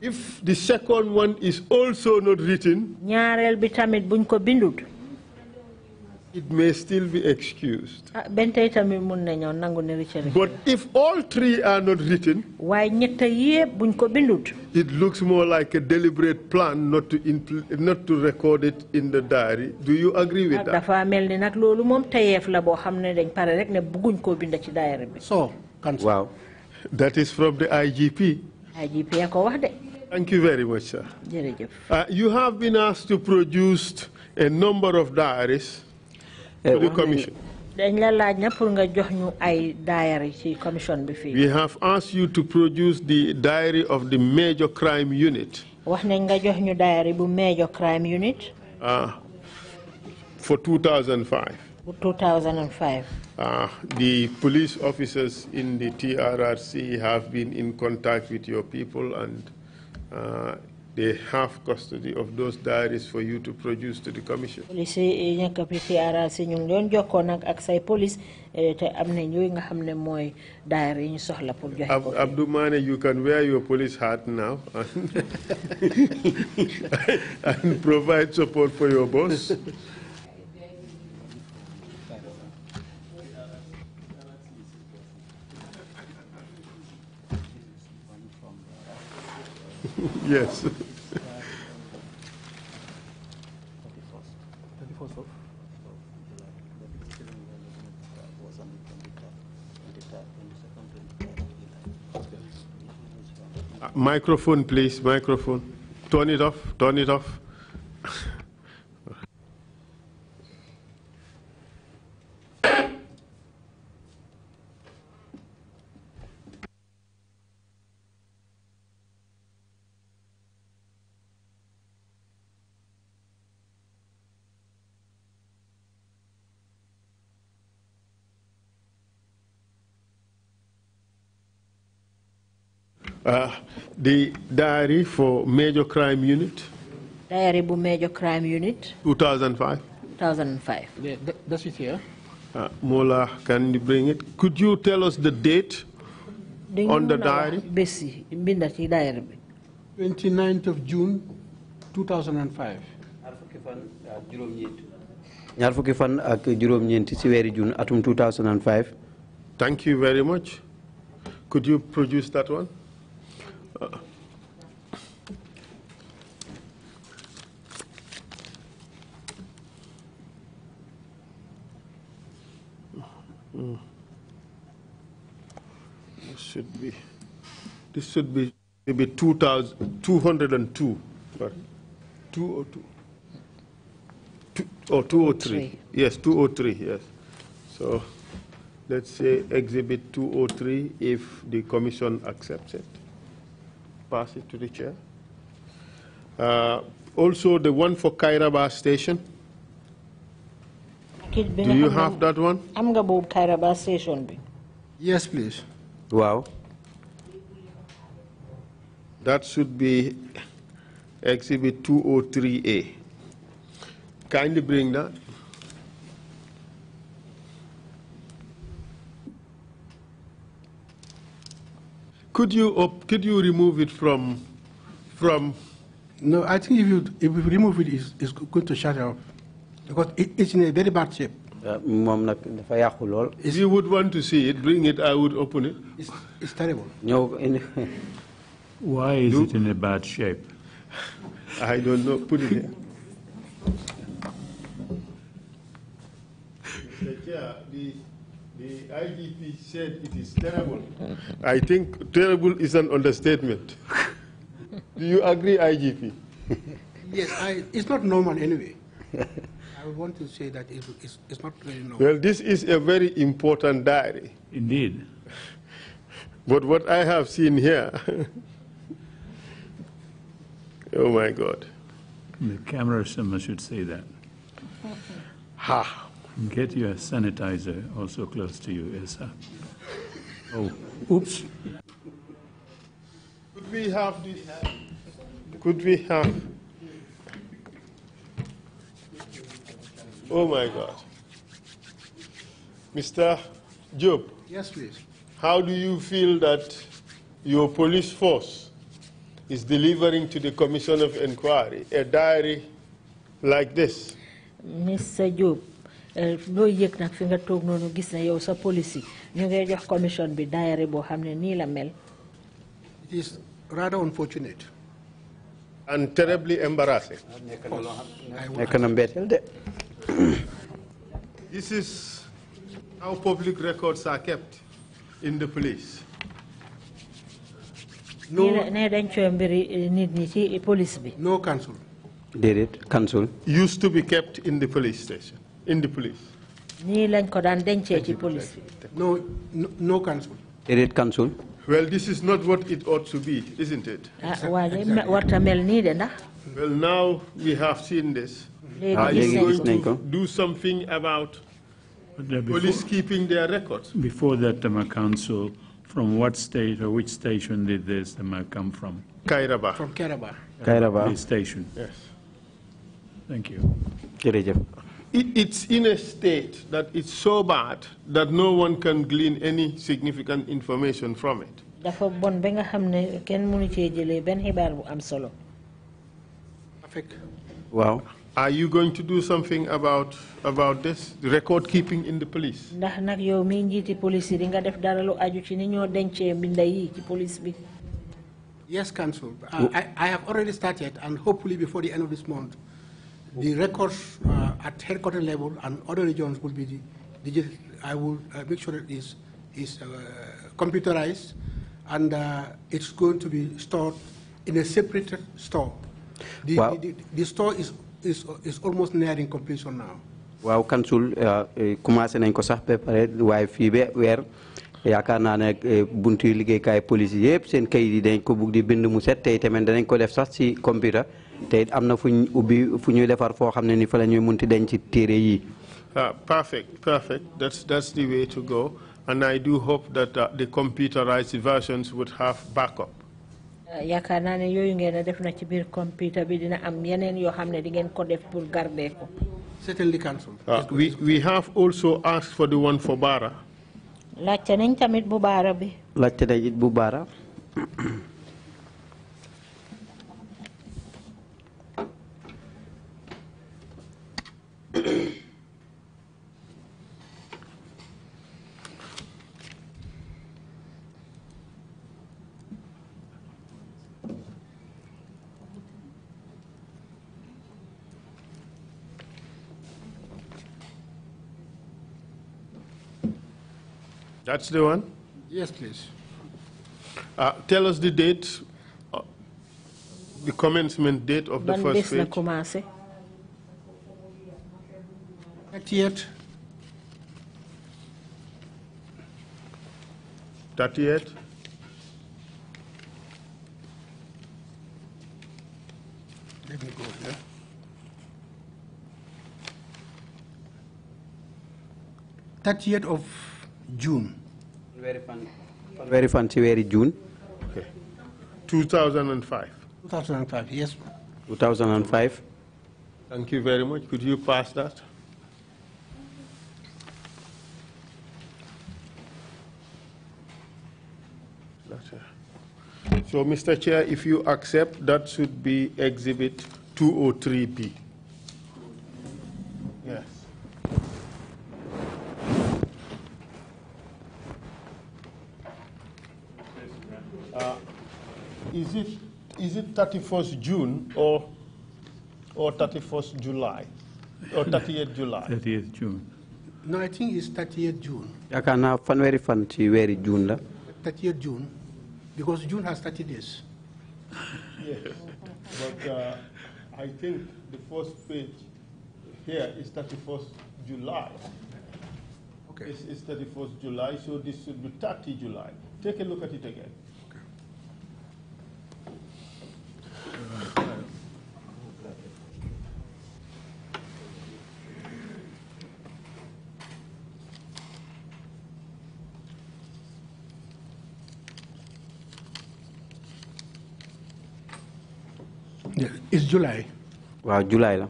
If the second one is also not written, it may still be excused. Ah, but if all three are not written, it looks more like a deliberate plan not to not to record it in the diary. Do you agree with ah, that? So, Wow. That is from the IGP. IGP ko wax Thank you very much, sir. Uh, you have been asked to produce a number of diaries for the eh, commission. We have asked you to produce the diary of the major crime unit. wax major crime unit. ah for 2005. 2005. ah uh, the police officers in the TRRC have been in contact with your people and. Uh, they have custody of those diaries for you to produce to the commission. Police doon eh, eh, ak say police eh, te nga diary ñu soxla pour joxe you can wear your police hat now and, <laughs> and provide support for your boss. <laughs> <laughs> yes. of uh, Microphone, please. Microphone. Turn it off. Turn it off. <laughs> Uh, the diary for Major Crime Unit. Diary for Major Crime Unit. 2005. 2005. Yeah, that's it here. Uh, Mola, can you bring it? Could you tell us the date on the diary? Besi, bindati diary. 29th of June, 2005. June atum 2005. Thank you very much. Could you produce that one? This should be, this should be maybe two thousand two hundred and two, 202, right? 202. or 203. Three. Yes, 203, yes. So let's say exhibit 203 if the commission accepts it pass it to the chair. Uh, also, the one for Kairaba Station. Do you have that one? I'm going to Kairaba Station. Yes, please. Wow. That should be Exhibit 203A. Kindly bring that. Could you, op, could you remove it from, from? No, I think if you, if you remove it, it's, it's going to shut up. Because it, it's in a very bad shape. if uh, you would want to see it bring it I would open it. it's, it's terrible. <laughs> why is it in a bad shape. I don't know put it here. Mr. Chair, the the IGP said it is terrible. I think terrible is an understatement. Do you agree, IGP? yes, I, it's not normal anyway. I want to say that it, it's, it's not really normal. Well, this is a very important diary. Indeed. But what I have seen here, oh my God. The camera should say that. ha. Get your sanitizer also close to you, Elsa. Oh, oops. Could we have this? Could we have? Oh my God. Mr. Job. Yes, please. How do you feel that your police force is delivering to the Commission of Inquiry a diary like this? Mr. Job, loo yëg nag fi nga toog noonu gis yow sa policy ñu ngay jox commission bi daayare boo xam ne nii la mel. it is rather unfortunate. and terribly embarrassing. nekk na mbetteel de. this is how public records are kept in the police. no ne dañ cooy mbiri eh, nit ñi ci police bi. no council. déedéet council. used to be kept in the police station in the police. ñii lañ ko daan dencee police no no council. déedéet council. well this is not what it ought to be isn't it. ah waaw de warta well now we have seen this. Are you going to do something about. Uh, police keeping their records. Before that, Tama um, uh, Council, from what state or which station did this Tama um, uh, come from? Kairaba. From Kairaba. Kairaba. Police station. Yes. Thank you. Jërëjëf. It, it's in a state that it's so bad that no one can glean any significant information from it. Well, am solo. Are you going to do something about about this record keeping in the police? police def police bi. Yes, council. Uh, I, I have already started and hopefully before the end of this month the records uh, at headquarters level and other regions will be, digital, I will uh, make sure it is, is uh, computerized and uh, it's going to be stored in a separate store. The, well, the, the, the store is, is, is almost nearing completion now. Well, Council commencé uh, eh, eh, nañ eh, ko sax préparé waaye fii ba weer yaakaar naa ne police yëpp seen kayit yi dañ ko bugg di bind mu set tey tamit danañ ko def sax ci computer te am na fu ñu ubbi fu ñuy defar foo xam ne ni fa la ñuy munti denc téere yi. ah perfect perfect that's that's the way to go and I do hope that uh, the computerized versions would have backup. Ah, yaakaar naa ne yooyu ngeen def na ci biir computer bi dina am yeneen yoo xam ne di ngeen ko def pour garder ko. certainly council. Ah, we we have also asked for Baara. laajte nañ tamit bu Baara bi. laajte nañ it bu Baara. That's the one? Yes, please. Uh, tell us the date, uh, the commencement date of the first phase. 38. 38. Let me go here. of June. Very funny. Very fancy, very June. Okay. 2005. 2005, yes. 2005. Thank you very much. Could you pass that? So, Mr. Chair, if you accept, that should be Exhibit 203B. Yes. Uh, is it is it 31st June or or 31st July or 30th <laughs> July? 30th June. No, I think it's 30th June. I can have fan ci very June la. 30th June because June has 30 days. Yes, but uh, I think the first page here is 31st July. Okay. It's, it's 31st July, so this should be 30 July. Take a look at it again. Yeah, it's July. Wow, July la.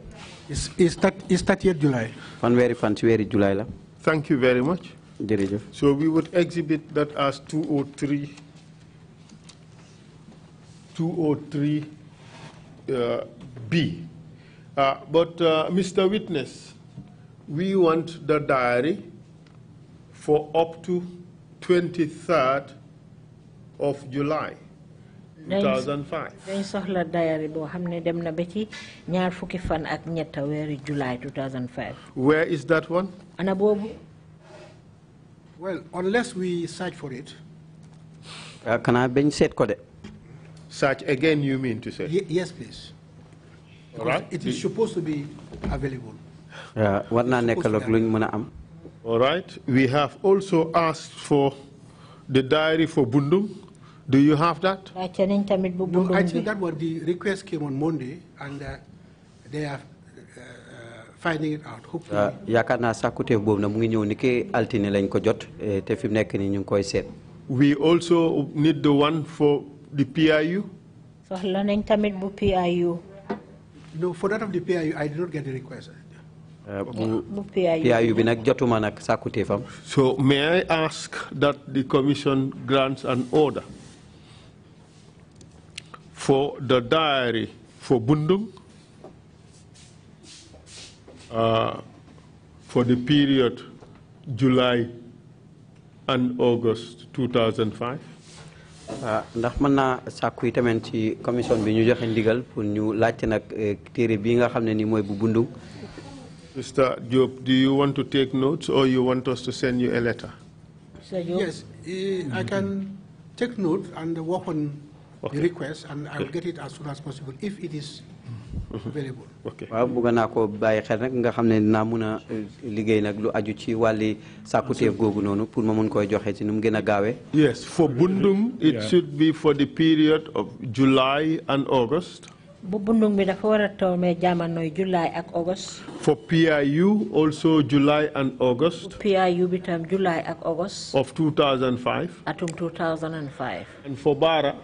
It's it's that it's that year July. Fanweeri July la. Thank you very much. So we would exhibit that as 203 203 uh, B. Uh, but uh, Mr. Witness, we want the diary for up to 23rd of July. 2005. dañ soxla diary boo xam ne dem na ba ci ñaar fukki July 2005. where is that one. ana boobu. well unless we search for it. xanaa uh, bañ seet ko de. search again you mean to say. yes please. all right it is supposed to be available. Uh, war naa nekk luñ mën a am. all right we have also asked for the diary for Bundung. Do you have that? No, I think that was the request came on Monday, and uh, they are uh, finding it out, hopefully. Uh, yaakaar naa sàkkuteef boobu nag mu ngi ñëw ni ki altine lañ ko jot eh, te fi mu nekk nii We also need the one for the PIU. So soxla nañ tamit bu PIU. No, for that of the PIU, I did not get the request. Uh, so may I ask that the commission grants an order? for the diary for Bundung uh, for the period July and August 2005. Uh, ndax commission eh, bu Mr. Diop, do you want to take notes or you want us to send you a letter? Yes, eh, I can take notes and work on okay. the request and I'll get it as soon mm-hmm. waaw bëgg naa ko bàyyi xel rek nga xam ne naa mun a euh, liggéey nag lu aju ci wàlli sàkkuteef googu noonu pour ma mun koy joxe ci nu mu gën a gaawee. yes for Bundung. it yeah. should be for the period of July and August. bu Bundung bi dafa war a toomee jamonoy July ak August. for PIU also July and August. bu ak August. of 2005. atum 2005. for Bara.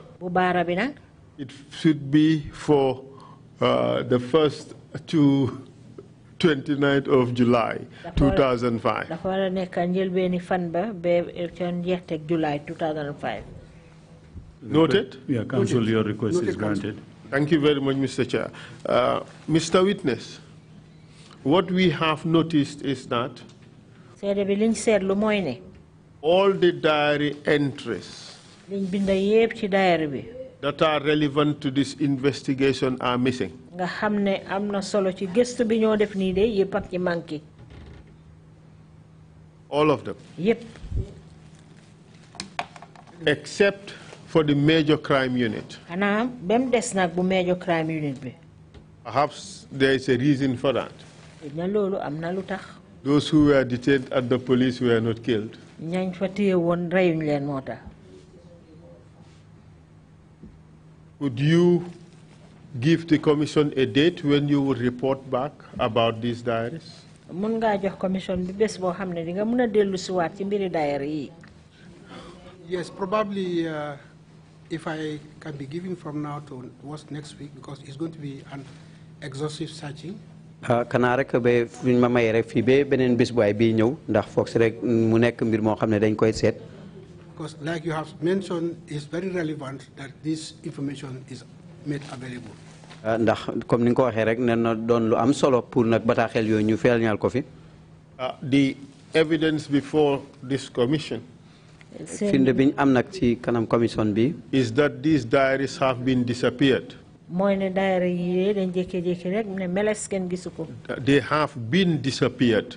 It should be for uh, the first to 29th of July 2005. dafa war a nekk July 2005. Noted. Yeah, council, your request Noted, is granted. Thank you very much, Mr. Chair. Uh, Mr. Witness, what we have noticed is that all the diary entries that are relevant to this investigation are missing. all of them. except for the major crime unit. perhaps there is a reason for that. those who were detained at the police were not killed. would you give the commission a date when you would report back about these diaries? mun ngaa jox commission bi bés boo xam ne di nga mën a dellu siwaat ci mbiri diary yi. yes probably uh, if I can be giving from now to was next week because it's going to be an exhaustive searching. Uh, xanaa rek ba ñu ma may rek fii ba beneen bés bu ay bii ñëw ndax foog si rek mu nekk mbir moo xam ne dañ koy seet because like you have mentioned, it's very relevant that this information is made available. Ah, ndax ah, the evidence before this commission. firnde the bin. am commission is that these diaries have been disappeared. diary they have been disappeared.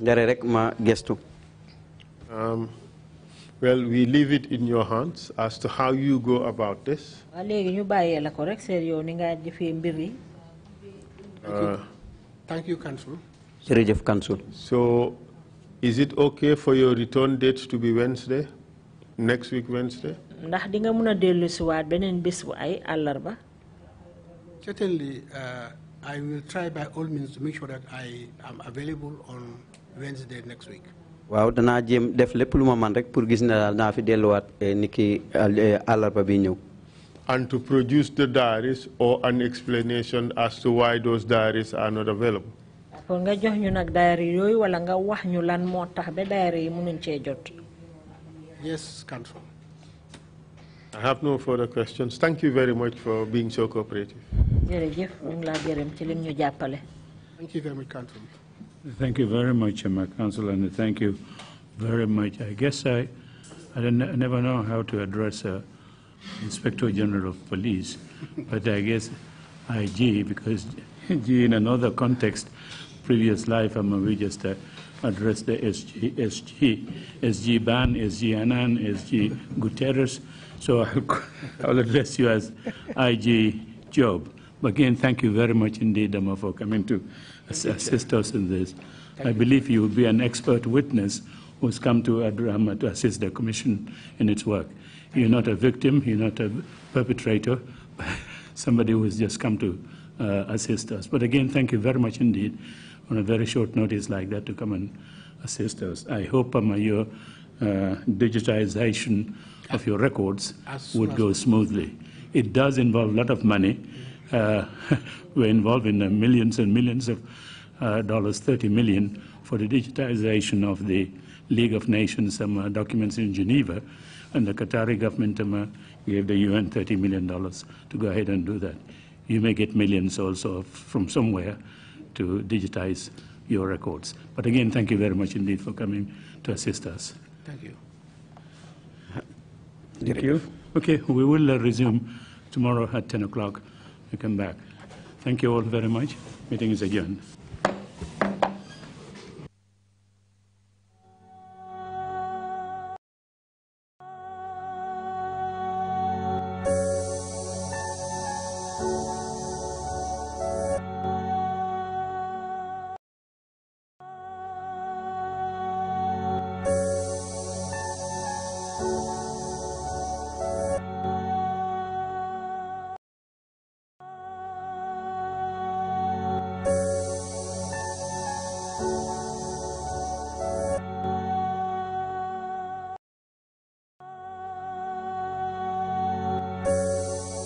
njare ma gestu um, well we leave it in your hands as to how you go about this wa uh, thank you council jërëjëf council so is it okay for your return date to be wednesday next week wednesday ay àllarba certainly uh, i will try by all means to make sure that i am available on Wednesday next week. def lépp lu ma man rek pour gis fi eh, eh, bi ñëw. and to produce the diaries or an explanation as to why those diaries are not available. kon nga jox ñu diary wala nga wax ñu lan tax diary yi mënuñ jot. yes counsel. I have no further questions. Thank you very much for being so cooperative. ñu gërëm ci lim ñu jàppale. thank you very much counsel. Thank you very much, uh, my counsel, and thank you very much. I guess I, I, never know how to address uh, Inspector General of Police, but I guess IG, because in another context, previous life, I am we just uh, the SG, SG, SG Ban, SG Anan, SG Guterres, so <laughs> I'll, I'll address you as IG Job. Again, thank you very much indeed, Dama, for coming to assist us in this. Thank I believe you will be an expert witness who's come to Adrama to assist the Commission in its work. You're not a victim, you're not a perpetrator, <laughs> somebody who has just come to uh, assist us. But again, thank you very much indeed on a very short notice like that to come and assist us. I hope um, your uh, digitization of your records would go smoothly. It does involve a lot of money uh, <laughs> were involved in millions and millions of uh, dollars, 30 million, for the digitization of the League of Nations um, uh, documents in Geneva. And the Qatari government um, uh, gave the UN $30 million to go ahead and do that. You may get millions also from somewhere to digitize your records. But again, thank you very much indeed for coming to assist us. Thank you. Thank you. Okay, we will uh, resume tomorrow at 10 o'clock come back. Thank you all very much. Meeting is adjourned.